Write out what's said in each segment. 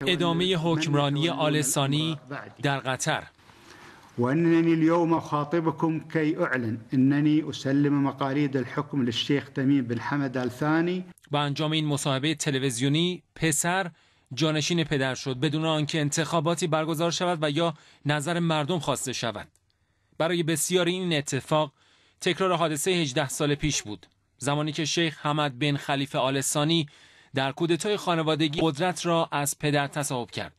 ادامه حکمرانی آل ثانی در قطر اننی الیوم خاطبکم كي اعلن انني اسلم مقاليد الحكم للشيخ تميم بن حمد آل با انجام این مصاحبه تلویزیونی پسر جانشین پدر شد بدون آنکه انتخاباتی برگزار شود و یا نظر مردم خواسته شود برای بسیاری این اتفاق تکرار حادثه 18 سال پیش بود زمانی که شیخ حمد بن خلیفه آل ثانی در کودتای خانوادگی قدرت را از پدر تصاحب کرد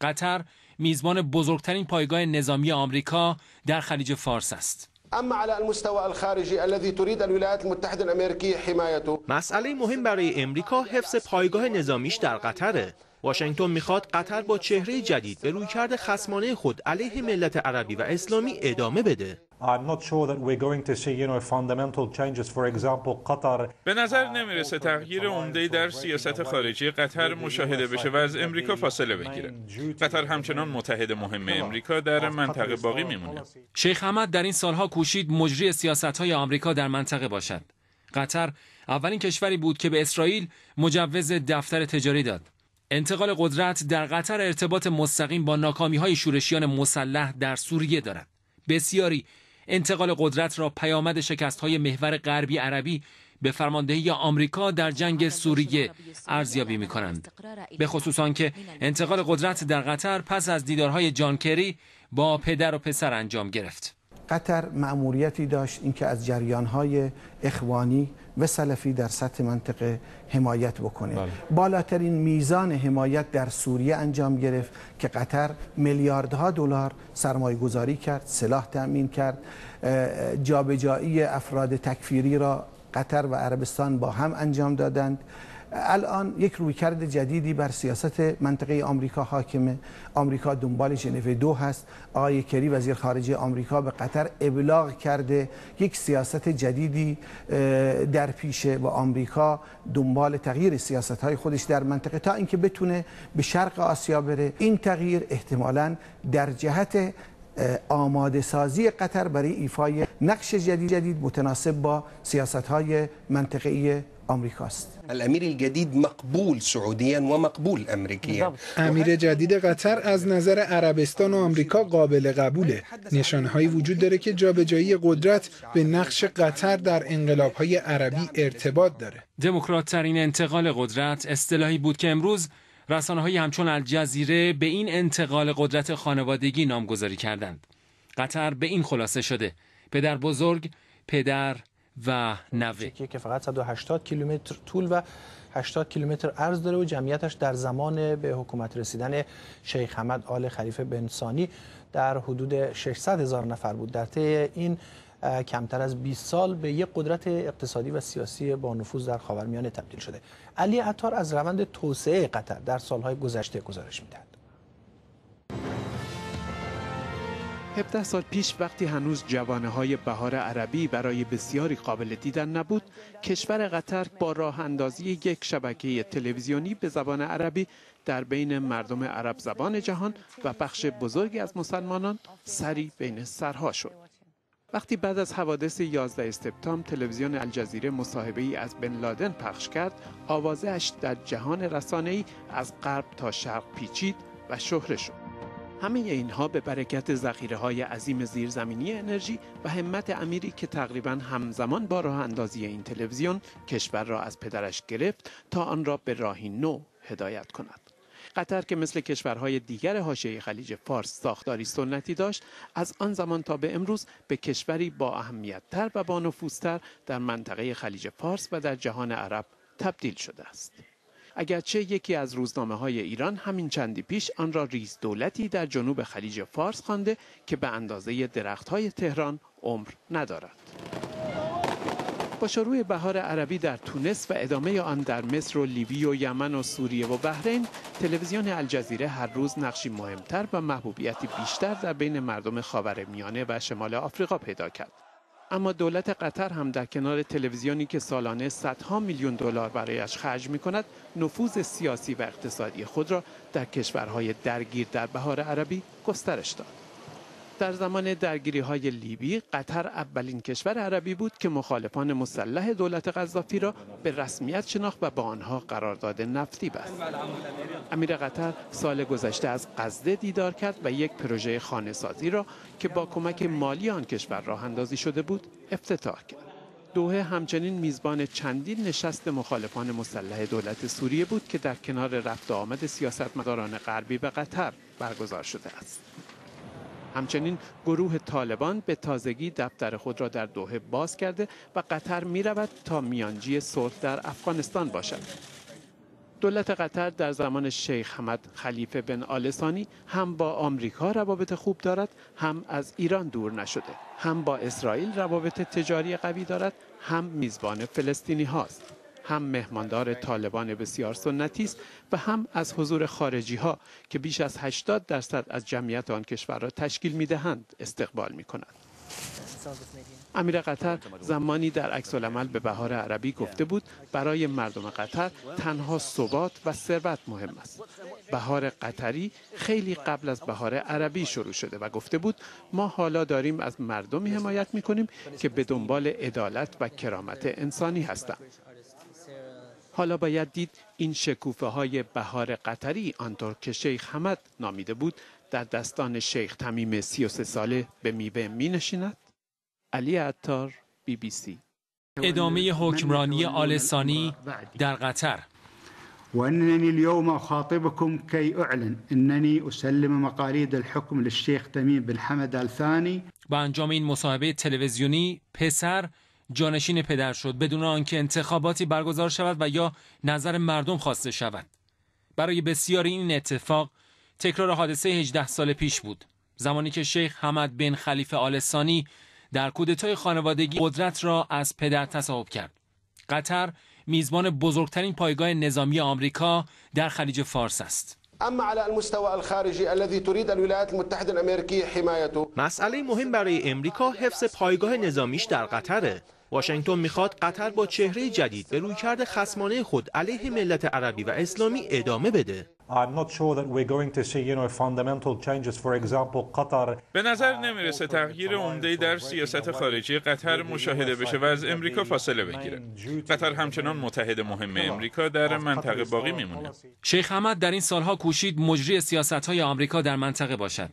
قطر میزبان بزرگترین پایگاه نظامی آمریکا در خلیج فارس است اما على المستوى الخارجي الذي تريد الولايات المتحده الامريكيه حمايته مسئله مهم برای امریکا حفظ پایگاه نظامیش در قطره واشنگتن میخواد قطر با چهره جدید به رویکرد خصمانه خود علیه ملت عربی و اسلامی ادامه بده I'm not sure that we're going to see, you know, fundamental changes. For example, Qatar. به نظر نمیرسه تغییر عمده در سیاست خارجی قطر مشاهده بشه و از امریکا فاصله بگیره. قطر همچنان متحد مهم امریکا در منطقه باقی میمونه. شیخ حمد در این سالها کوشید مجری سیاستهای آمریکا در منطقه باشد. قطر اولین کشوری بود که به اسرائیل مجوز دفتر تجاری داد. انتقال قدرت در قطر ارتباط مستقیم با ناکامی های شورشیان مسلح در سوریه دارد. بسیاری انتقال قدرت را پیامد شکست های محور غربی عربی به فرماندهی آمریکا در جنگ سوریه ارزیابی می کنند. به خصوص آنکه انتقال قدرت در قطر پس از دیدارهای جان کری با پدر و پسر انجام گرفت. قطر مأموریتی داشت اینکه از جریانهای اخوانی و سلفی در سطح منطقه حمایت بکنه بله. بالاترین میزان حمایت در سوریه انجام گرفت که قطر میلیاردها دلار سرمایه گذاری کرد سلاح تأمین کرد جابجایی افراد تکفیری را قطر و عربستان با هم انجام دادند الان یک رویکرد جدیدی بر سیاست منطقه آمریکا حاکمه آمریکا دنبال ژنو دو هست آقای کری وزیر خارجه آمریکا به قطر ابلاغ کرده یک سیاست جدیدی در پیشه و آمریکا دنبال تغییر سیاست های خودش در منطقه تا اینکه بتونه به شرق آسیا بره این تغییر احتمالا در جهت آماده سازی قطر برای ایفای نقش جدید جدید متناسب با سیاست های منطقه، آمریکاست الامیر مقبول سعودیا و مقبول امریکیا امیر جدید قطر از نظر عربستان و آمریکا قابل قبوله نشانهایی وجود داره که جابجایی قدرت به نقش قطر در انقلابهای عربی ارتباط داره دموکرات ترین انتقال قدرت اصطلاحی بود که امروز رسانه همچون الجزیره به این انتقال قدرت خانوادگی نامگذاری کردند قطر به این خلاصه شده پدر بزرگ پدر و نوه که فقط 180 کیلومتر طول و 80 کیلومتر عرض داره و جمعیتش در زمان به حکومت رسیدن شیخ حمد آل خلیفه بن سانی در حدود 600 هزار نفر بود در طی این کمتر از 20 سال به یک قدرت اقتصادی و سیاسی با نفوذ در خاورمیانه تبدیل شده علی عطار از روند توسعه قطر در سالهای گذشته گزارش میدهد 17 سال پیش وقتی هنوز جوانه های بهار عربی برای بسیاری قابل دیدن نبود کشور قطر با راه اندازی یک شبکه تلویزیونی به زبان عربی در بین مردم عرب زبان جهان و بخش بزرگی از مسلمانان سری بین سرها شد وقتی بعد از حوادث 11 سپتامبر تلویزیون الجزیره مصاحبه ای از بن لادن پخش کرد آوازش در جهان رسانه ای از غرب تا شرق پیچید و شهره شد همه اینها به برکت ذخیره های عظیم زیرزمینی انرژی و همت امیری که تقریبا همزمان با راه اندازی این تلویزیون کشور را از پدرش گرفت تا آن را به راهی نو هدایت کند. قطر که مثل کشورهای دیگر حاشیه خلیج فارس ساختاری سنتی داشت از آن زمان تا به امروز به کشوری با اهمیتتر و با نفوذتر در منطقه خلیج فارس و در جهان عرب تبدیل شده است. اگرچه یکی از روزنامه های ایران همین چندی پیش آن را ریز دولتی در جنوب خلیج فارس خوانده که به اندازه درخت های تهران عمر ندارد. با شروع بهار عربی در تونس و ادامه آن در مصر و لیبی و یمن و سوریه و بحرین تلویزیون الجزیره هر روز نقشی مهمتر و محبوبیتی بیشتر در بین مردم خاورمیانه و شمال آفریقا پیدا کرد اما دولت قطر هم در کنار تلویزیونی که سالانه صدها میلیون دلار برایش خرج می کند نفوذ سیاسی و اقتصادی خود را در کشورهای درگیر در بهار عربی گسترش داد. در زمان درگیری های لیبی قطر اولین کشور عربی بود که مخالفان مسلح دولت قذافی را به رسمیت شناخت و با آنها قرارداد نفتی بست. امیر قطر سال گذشته از قزده دیدار کرد و یک پروژه خانه سازی را که با کمک مالی آن کشور راه اندازی شده بود افتتاح کرد. دوهه همچنین میزبان چندین نشست مخالفان مسلح دولت سوریه بود که در کنار رفت آمد سیاستمداران غربی به قطر برگزار شده است. همچنین گروه طالبان به تازگی دفتر خود را در دوحه باز کرده و قطر می رود تا میانجی صلح در افغانستان باشد. دولت قطر در زمان شیخ حمد خلیفه بن آلسانی هم با آمریکا روابط خوب دارد هم از ایران دور نشده هم با اسرائیل روابط تجاری قوی دارد هم میزبان فلسطینی هاست هم مهماندار طالبان بسیار سنتی است و هم از حضور خارجی ها که بیش از 80 درصد از جمعیت آن کشور را تشکیل می دهند استقبال می کند. امیر قطر زمانی در عکس العمل به بهار عربی گفته بود برای مردم قطر تنها ثبات و ثروت مهم است بهار قطری خیلی قبل از بهار عربی شروع شده و گفته بود ما حالا داریم از مردمی حمایت می کنیم که به دنبال عدالت و کرامت انسانی هستند حالا باید دید این شکوفه های بهار قطری آنطور که شیخ حمد نامیده بود در دستان شیخ تمیم 33 ساله به میوه می نشیند؟ علی عطار بی بی سی ادامه حکمرانی آلسانی در قطر اننی الیوم اخاطبکم کی اعلن اننی اسلم مقالید الحکم للشیخ تمیم بن حمد الثانی با انجام این مصاحبه تلویزیونی پسر جانشین پدر شد بدون آنکه انتخاباتی برگزار شود و یا نظر مردم خواسته شود برای بسیاری این اتفاق تکرار حادثه 18 سال پیش بود زمانی که شیخ حمد بن خلیفه آلسانی در کودتای خانوادگی قدرت را از پدر تصاحب کرد قطر میزبان بزرگترین پایگاه نظامی آمریکا در خلیج فارس است اما على المستوى الخارجي الذي تريد الولايات المتحده الامريكيه حمايته مسئله مهم برای امریکا حفظ پایگاه نظامیش در قطره واشنگتن میخواد قطر با چهره جدید به رویکرد خصمانه خود علیه ملت عربی و اسلامی ادامه بده. به نظر نمیرسه تغییر عمده در سیاست خارجی قطر مشاهده بشه و از امریکا فاصله بگیره. قطر همچنان متحد مهم امریکا در منطقه باقی میمونه. شیخ حمد در این سالها کوشید مجری سیاست های آمریکا در منطقه باشد.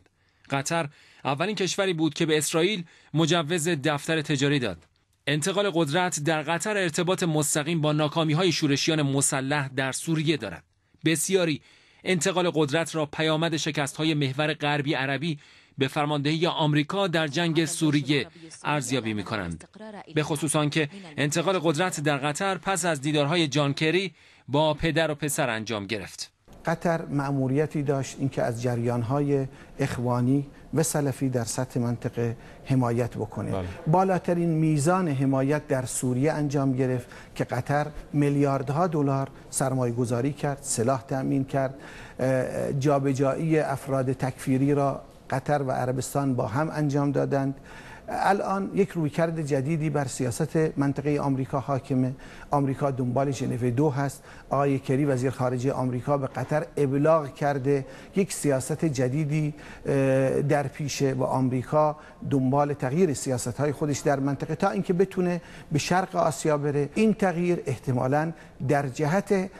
قطر اولین کشوری بود که به اسرائیل مجوز دفتر تجاری داد. انتقال قدرت در قطر ارتباط مستقیم با ناکامی های شورشیان مسلح در سوریه دارد بسیاری انتقال قدرت را پیامد شکست های محور غربی عربی به فرماندهی آمریکا در جنگ سوریه ارزیابی می کنند به خصوص آنکه انتقال قدرت در قطر پس از دیدارهای جان کری با پدر و پسر انجام گرفت قطر مأموریتی داشت اینکه از های اخوانی و سلفی در سطح منطقه حمایت بکنه بله. بالاترین میزان حمایت در سوریه انجام گرفت که قطر میلیاردها دلار سرمایه گذاری کرد سلاح تأمین کرد جابجایی افراد تکفیری را قطر و عربستان با هم انجام دادند الان یک رویکرد جدیدی بر سیاست منطقه آمریکا حاکمه آمریکا دنبال ژنو دو هست آقای کری وزیر خارجه آمریکا به قطر ابلاغ کرده یک سیاست جدیدی در پیشه و آمریکا دنبال تغییر سیاست های خودش در منطقه تا اینکه بتونه به شرق آسیا بره این تغییر احتمالا در جهت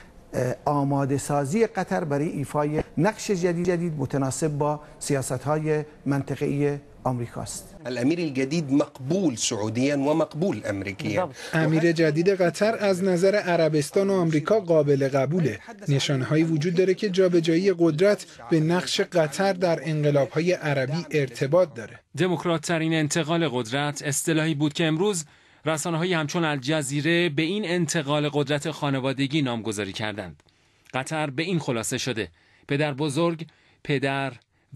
آماده سازی قطر برای ایفای نقش جدید جدید متناسب با سیاست های منطقه، آمریکاست الامیر مقبول سعودیا و مقبول امریکیا امیر جدید قطر از نظر عربستان و آمریکا قابل قبوله هایی وجود داره که جابجایی قدرت به نقش قطر در انقلابهای عربی ارتباط داره دموکرات ترین انتقال قدرت اصطلاحی بود که امروز رسانه های همچون الجزیره به این انتقال قدرت خانوادگی نامگذاری کردند قطر به این خلاصه شده پدر بزرگ پدر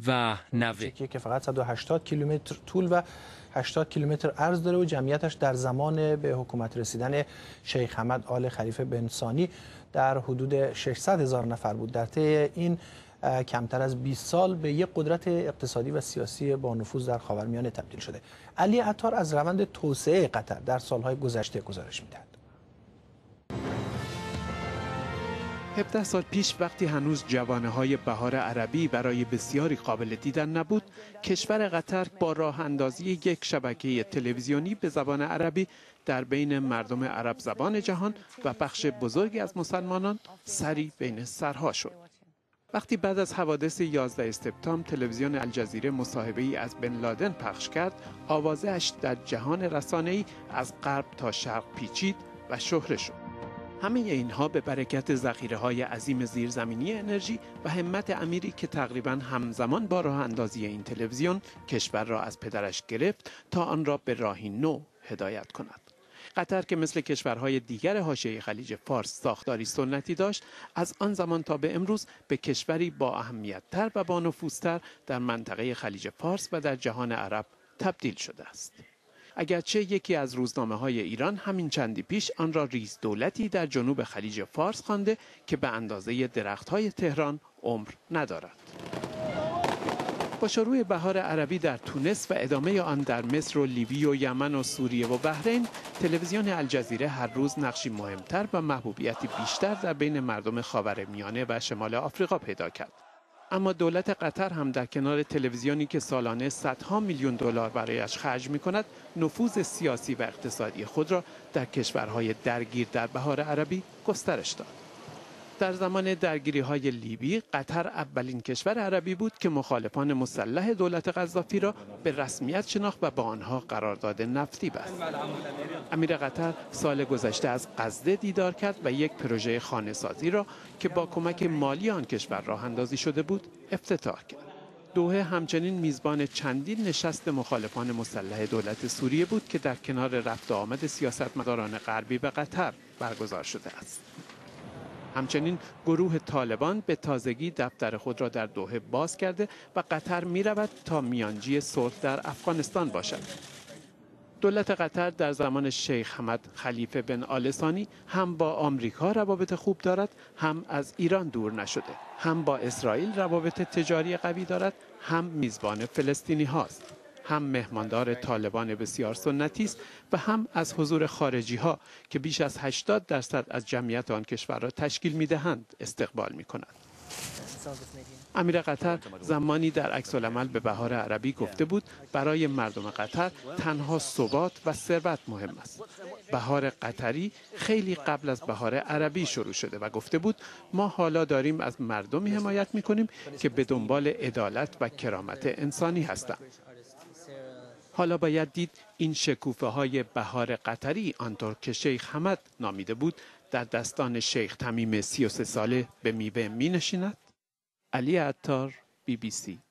و نوه که فقط 180 کیلومتر طول و 80 کیلومتر عرض داره و جمعیتش در زمان به حکومت رسیدن شیخ حمد آل خلیفه بن سانی در حدود 600 هزار نفر بود در طی این کمتر از 20 سال به یک قدرت اقتصادی و سیاسی با نفوذ در خاورمیانه تبدیل شده علی عطار از روند توسعه قطر در سالهای گذشته گزارش میدهد 17 سال پیش وقتی هنوز جوانه های بهار عربی برای بسیاری قابل دیدن نبود کشور قطر با راه اندازی یک شبکه تلویزیونی به زبان عربی در بین مردم عرب زبان جهان و بخش بزرگی از مسلمانان سری بین سرها شد وقتی بعد از حوادث 11 سپتامبر تلویزیون الجزیره مصاحبه ای از بن لادن پخش کرد آوازش در جهان ای از غرب تا شرق پیچید و شهره شد همه اینها به برکت ذخیره های عظیم زیرزمینی انرژی و همت امیری که تقریبا همزمان با راه اندازی این تلویزیون کشور را از پدرش گرفت تا آن را به راهی نو هدایت کند. قطر که مثل کشورهای دیگر حاشیه خلیج فارس ساختاری سنتی داشت از آن زمان تا به امروز به کشوری با اهمیت تر و با نفوذتر در منطقه خلیج فارس و در جهان عرب تبدیل شده است اگرچه یکی از روزنامه های ایران همین چندی پیش آن را ریز دولتی در جنوب خلیج فارس خوانده که به اندازه درخت های تهران عمر ندارد. با شروع بهار عربی در تونس و ادامه آن در مصر و لیبی و یمن و سوریه و بحرین تلویزیون الجزیره هر روز نقشی مهمتر و محبوبیتی بیشتر در بین مردم خاورمیانه و شمال آفریقا پیدا کرد اما دولت قطر هم در کنار تلویزیونی که سالانه صدها میلیون دلار برایش خرج می کند نفوذ سیاسی و اقتصادی خود را در کشورهای درگیر در بهار عربی گسترش داد در زمان درگیری های لیبی قطر اولین کشور عربی بود که مخالفان مسلح دولت قذافی را به رسمیت شناخت و با آنها قرارداد نفتی بست. امیر قطر سال گذشته از قزده دیدار کرد و یک پروژه خانه سازی را که با کمک مالی آن کشور راه اندازی شده بود افتتاح کرد. دوهه همچنین میزبان چندین نشست مخالفان مسلح دولت سوریه بود که در کنار رفت آمد سیاستمداران غربی به قطر برگزار شده است. همچنین گروه طالبان به تازگی دفتر خود را در دوحه باز کرده و قطر می رود تا میانجی صلح در افغانستان باشد. دولت قطر در زمان شیخ حمد خلیفه بن آلسانی هم با آمریکا روابط خوب دارد هم از ایران دور نشده هم با اسرائیل روابط تجاری قوی دارد هم میزبان فلسطینی هاست هم مهماندار طالبان بسیار سنتی است و هم از حضور خارجی ها که بیش از 80 درصد از جمعیت آن کشور را تشکیل می دهند استقبال می کند. امیر قطر زمانی در عکس العمل به بهار عربی گفته بود برای مردم قطر تنها ثبات و ثروت مهم است بهار قطری خیلی قبل از بهار عربی شروع شده و گفته بود ما حالا داریم از مردمی حمایت می کنیم که به دنبال عدالت و کرامت انسانی هستند حالا باید دید این شکوفه های بهار قطری آنطور که شیخ حمد نامیده بود در دستان شیخ تمیم 33 ساله به میوه می نشیند؟ علی عطار بی بی سی